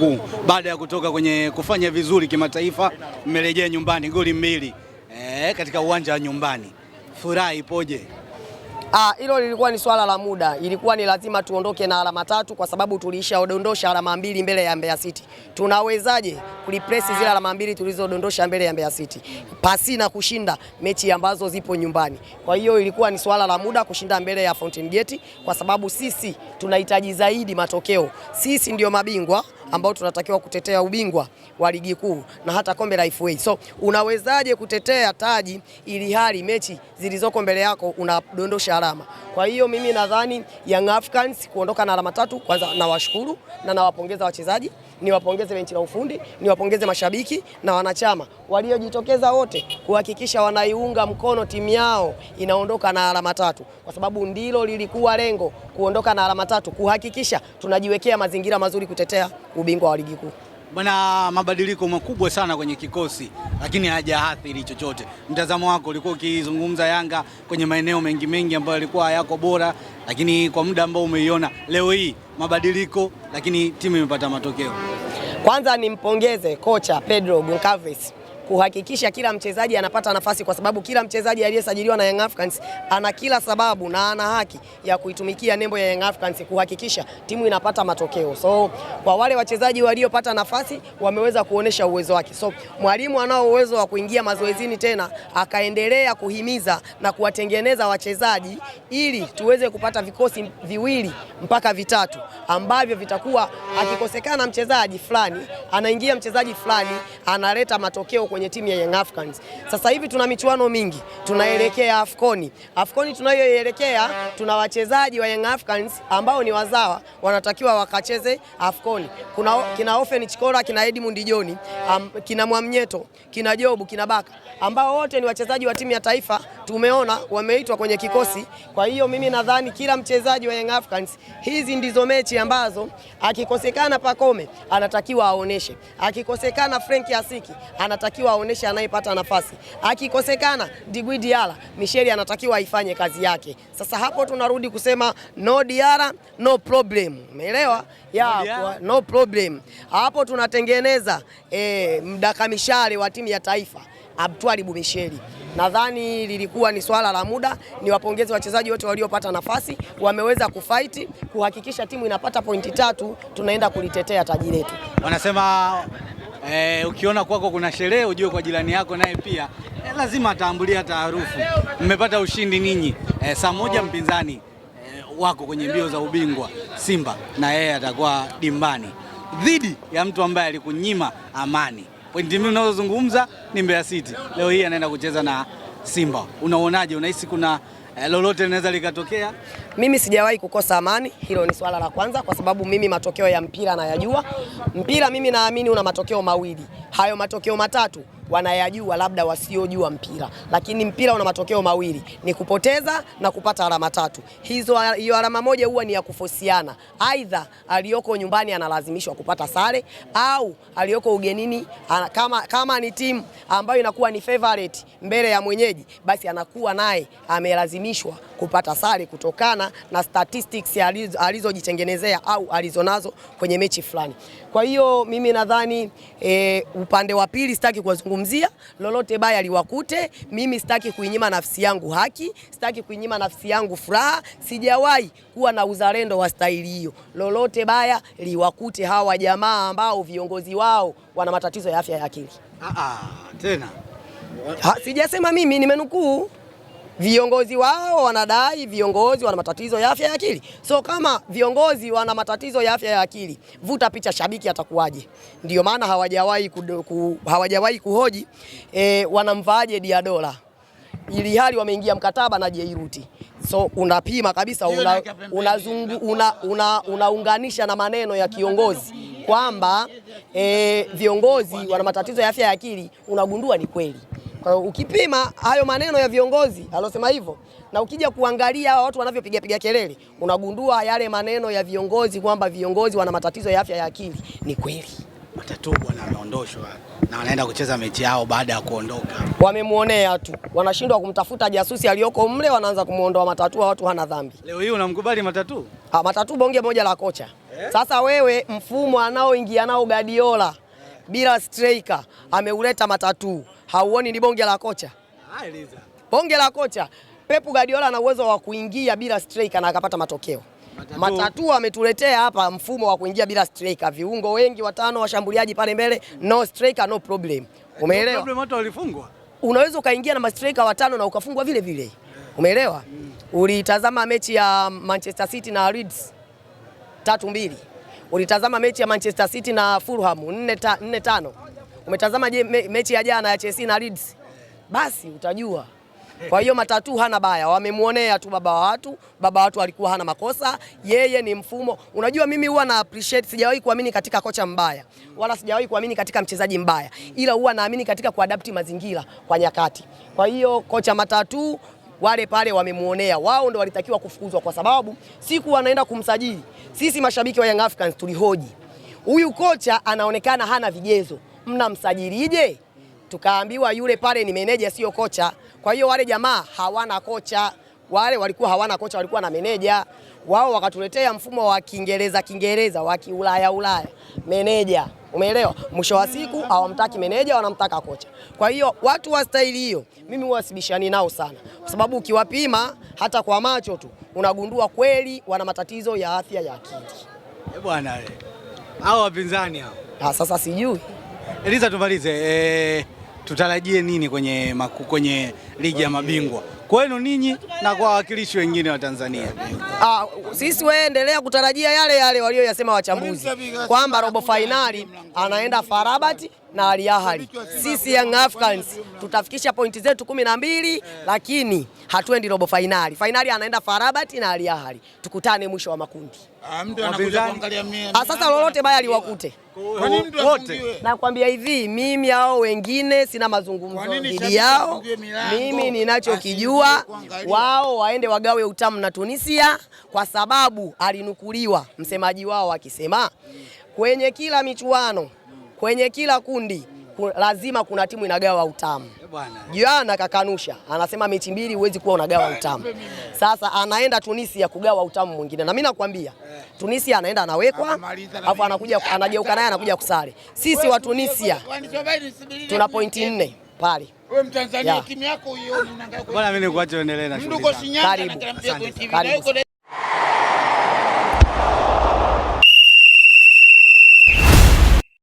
miguu baada ya kutoka kwenye kufanya vizuri kimataifa, mmerejea nyumbani goli mbili e, katika uwanja wa nyumbani, furaha ipoje? Ah, hilo lilikuwa ni swala la muda, ilikuwa ni lazima tuondoke na alama tatu kwa sababu tulishaodondosha alama mbili mbele ya Mbeya City. Tunawezaje kulipresi zile alama mbili tulizodondosha mbele ya Mbeya City pasi na kushinda mechi ambazo zipo nyumbani? Kwa hiyo ilikuwa ni swala la muda kushinda mbele ya Fountain Gate, kwa sababu sisi tunahitaji zaidi matokeo. Sisi ndio mabingwa ambao tunatakiwa kutetea ubingwa wa ligi kuu na hata kombe la FA. So unawezaje kutetea taji ili hali mechi zilizoko mbele yako unadondosha alama? Kwa hiyo mimi nadhani Young Africans kuondoka na alama tatu, kwanza nawashukuru na nawapongeza wachezaji niwapongeze benchi la ufundi, niwapongeze mashabiki na wanachama waliojitokeza wote kuhakikisha wanaiunga mkono timu yao inaondoka na alama tatu, kwa sababu ndilo lilikuwa lengo, kuondoka na alama tatu, kuhakikisha tunajiwekea mazingira mazuri kutetea ubingwa wa ligi kuu bwana, mabadiliko makubwa sana kwenye kikosi, lakini hajaathiri chochote. Mtazamo wako ulikuwa ukizungumza Yanga kwenye maeneo mengi mengi ambayo yalikuwa hayako bora, lakini kwa muda ambao umeiona leo hii mabadiliko, lakini timu imepata matokeo. Kwanza nimpongeze kocha Pedro Goncalves kuhakikisha kila mchezaji anapata nafasi, kwa sababu kila mchezaji aliyesajiliwa na Young Africans ana kila sababu na ana haki ya kuitumikia nembo ya Young Africans kuhakikisha timu inapata matokeo. So kwa wale wachezaji waliopata nafasi wameweza kuonesha uwezo wake. So mwalimu anao uwezo wa kuingia mazoezini tena akaendelea kuhimiza na kuwatengeneza wachezaji ili tuweze kupata vikosi viwili mpaka vitatu ambavyo vitakuwa akikosekana mchezaji fulani anaingia mchezaji fulani analeta matokeo kwenye timu ya Young Africans. Sasa hivi tuna michuano mingi, tunaelekea Afkoni. Afkoni tunayoelekea tuna wachezaji wa Young Africans ambao ni wazawa, wanatakiwa wakacheze Afkoni. Kuna kina Ofen Chikora, kina Edmund Joni, um, kina Mwamnyeto, kina Jobu, kina Baka ambao wote ni wachezaji wa timu ya taifa, tumeona wameitwa kwenye kikosi. Kwa hiyo mimi nadhani kila mchezaji wa Young Africans, hizi ndizo mechi ambazo akikosekana Pakome anatakiwa aoneshe, akikosekana Frank Asiki anatakiwa anatakiwa aoneshe anayepata nafasi. Akikosekana Digwi Diara, Misheli anatakiwa aifanye kazi yake. Sasa hapo tunarudi kusema no Diara no problem, umeelewa? ya no problem. Hapo tunatengeneza e, eh, mishale wa timu ya taifa Abtwalibu Michelle. Nadhani lilikuwa ni swala la muda. Ni wapongeze wachezaji wote waliopata nafasi, wameweza kufaiti kuhakikisha timu inapata pointi tatu, tunaenda kulitetea taji letu. Wanasema eh, ukiona kwako kuna sherehe ujue kwa jirani yako naye pia eh, lazima ataambulia taarufu Mmepata ushindi ninyi eh, saa moja mpinzani eh, wako kwenye mbio za ubingwa Simba na yeye atakuwa dimbani dhidi ya mtu ambaye alikunyima amani. Pointi mbili unazozungumza ni Mbeya City, leo hii anaenda kucheza na Simba. Unaonaje, unahisi kuna Eh, lolote linaweza likatokea. Mimi sijawahi kukosa amani, hilo ni swala la kwanza, kwa sababu mimi matokeo ya mpira nayajua. Mpira mimi naamini una matokeo mawili, hayo matokeo matatu wanayajua labda wasiojua mpira, lakini mpira una matokeo mawili, ni kupoteza na kupata alama tatu. Hizo hiyo alama moja huwa ni ya kufosiana, aidha aliyoko nyumbani analazimishwa kupata sare au aliyoko ugenini ana, kama, kama ni timu ambayo inakuwa ni favorite mbele ya mwenyeji, basi anakuwa naye amelazimishwa analazimishwa kupata sare kutokana na statistics alizojitengenezea alizo au alizonazo kwenye mechi fulani. Kwa hiyo mimi nadhani e, upande wa pili sitaki kuwazungumzia lolote baya liwakute. Mimi sitaki kuinyima nafsi yangu haki, sitaki kuinyima nafsi yangu furaha. Sijawahi kuwa na uzalendo wa staili hiyo. Lolote baya liwakute hawa jamaa ambao viongozi wao wana matatizo ya afya ya akili. Ah, ah, tena sijasema mimi, nimenukuu. Viongozi wao wanadai viongozi wana matatizo ya afya ya akili. So kama viongozi wana matatizo ya afya ya akili, vuta picha shabiki atakuwaje? Ndio maana hawajawahi ku, hawajawahi kuhoji e, wanamvaaje Diadola ili hali wameingia mkataba na Jairuti. So unapima kabisa, unaunganisha una, una, una, una na maneno ya kiongozi kwamba e, viongozi wana matatizo ya afya ya akili, unagundua ni kweli. Kwa hiyo ukipima hayo maneno ya viongozi alosema hivyo na ukija kuangalia hao watu wanavyopiga piga kelele, unagundua yale maneno ya viongozi kwamba viongozi wana matatizo ya afya ya akili ni kweli. bwana ameondoshwa na wanaenda kucheza mechi yao baada ya kuondoka. Wamemwonea tu. Wanashindwa kumtafuta jasusi aliyoko mle wanaanza kumuondoa Matatu, watu hana dhambi. Leo hii unamkubali Matatu? Ah, Matatu bonge moja la kocha. Eh? Sasa wewe mfumo anaoingia nao Guardiola bila striker ameuleta matatu. Hauoni ni bonge la kocha? Ah, bonge la kocha. Pep Guardiola ana uwezo wa kuingia bila striker na akapata matokeo. Matatu, ametuletea hapa mfumo wa kuingia bila striker, viungo wengi watano, washambuliaji pale mbele, no striker no problem. Eh, Umeelewa? No problem, hata walifungwa. Unaweza ukaingia na mastrika watano na ukafungwa vile vile. Umeelewa? Mm. Ulitazama mechi ya Manchester City na Leeds tatu mbili Ulitazama mechi ya Manchester City na Fulham 4 5, umetazama je mechi ya jana ya Chelsea na Leeds, basi utajua. Kwa hiyo matatu hana baya, wamemwonea tu baba wa watu. Baba watu alikuwa hana makosa, yeye ni mfumo. Unajua, mimi huwa na appreciate, sijawahi kuamini katika kocha mbaya, wala sijawahi kuamini katika mchezaji mbaya, ila huwa naamini katika kuadapti mazingira kwa nyakati. Kwa hiyo kocha matatu wale pale wamemuonea, wao ndo walitakiwa kufukuzwa, kwa sababu siku wanaenda kumsajili, sisi mashabiki wa Young Africans tulihoji huyu kocha anaonekana hana vigezo, mnamsajilije? Tukaambiwa yule pale ni meneja, sio kocha. Kwa hiyo wale jamaa hawana kocha, wale walikuwa hawana kocha, walikuwa na meneja wao. Wakatuletea mfumo wa Kiingereza Kiingereza wa Kiulaya Ulaya, meneja Umeelewa? Mwisho wa siku hawamtaki meneja, wanamtaka kocha. Kwa hiyo watu wa staili hiyo mimi huwasibishani nao sana, kwa sababu ukiwapima hata kwa macho tu unagundua kweli wana matatizo ya afya ya akili. Eh bwana, eh. hao wapinzani hao. Ah, sasa sijui. Eliza, tumalize. E, tutarajie nini kwenye, kwenye ligi ya mabingwa? kwenu ninyi na kwa wawakilishi wengine wa Tanzania. Ah, sisi weendelea kutarajia yale yale walioyasema wachambuzi kwamba robo fainali anaenda Farabati na Al Ahly. Sisi Young Africans tutafikisha pointi zetu kumi na mbili, lakini hatuendi robo fainali. Fainali anaenda Farabat na Al Ahly, tukutane mwisho wa makundi. Ah, ah, sasa lolote baya liwakute wote. Nakwambia hivi, mimi hao wengine sina mazungumzo dhidi yao. Mimi ninachokijua wao waende wagawe utamu na Tunisia, kwa sababu alinukuliwa msemaji wao akisema kwenye kila michuano kwenye kila kundi lazima kuna timu inagawa utamu. Eh, Jana kakanusha, anasema mechi mbili huwezi kuwa unagawa eh. utamu. Sasa anaenda Tunisia kugawa utamu mwingine, na mimi nakwambia eh. Tunisia anaenda anawekwa, alafu anakuja anageuka naye anakuja kusali. Sisi wa Tunisia tuna pointi nne pale. Wewe Mtanzania timu yako hiyo, mimi nikuache uendelee na shughuli. Karibu.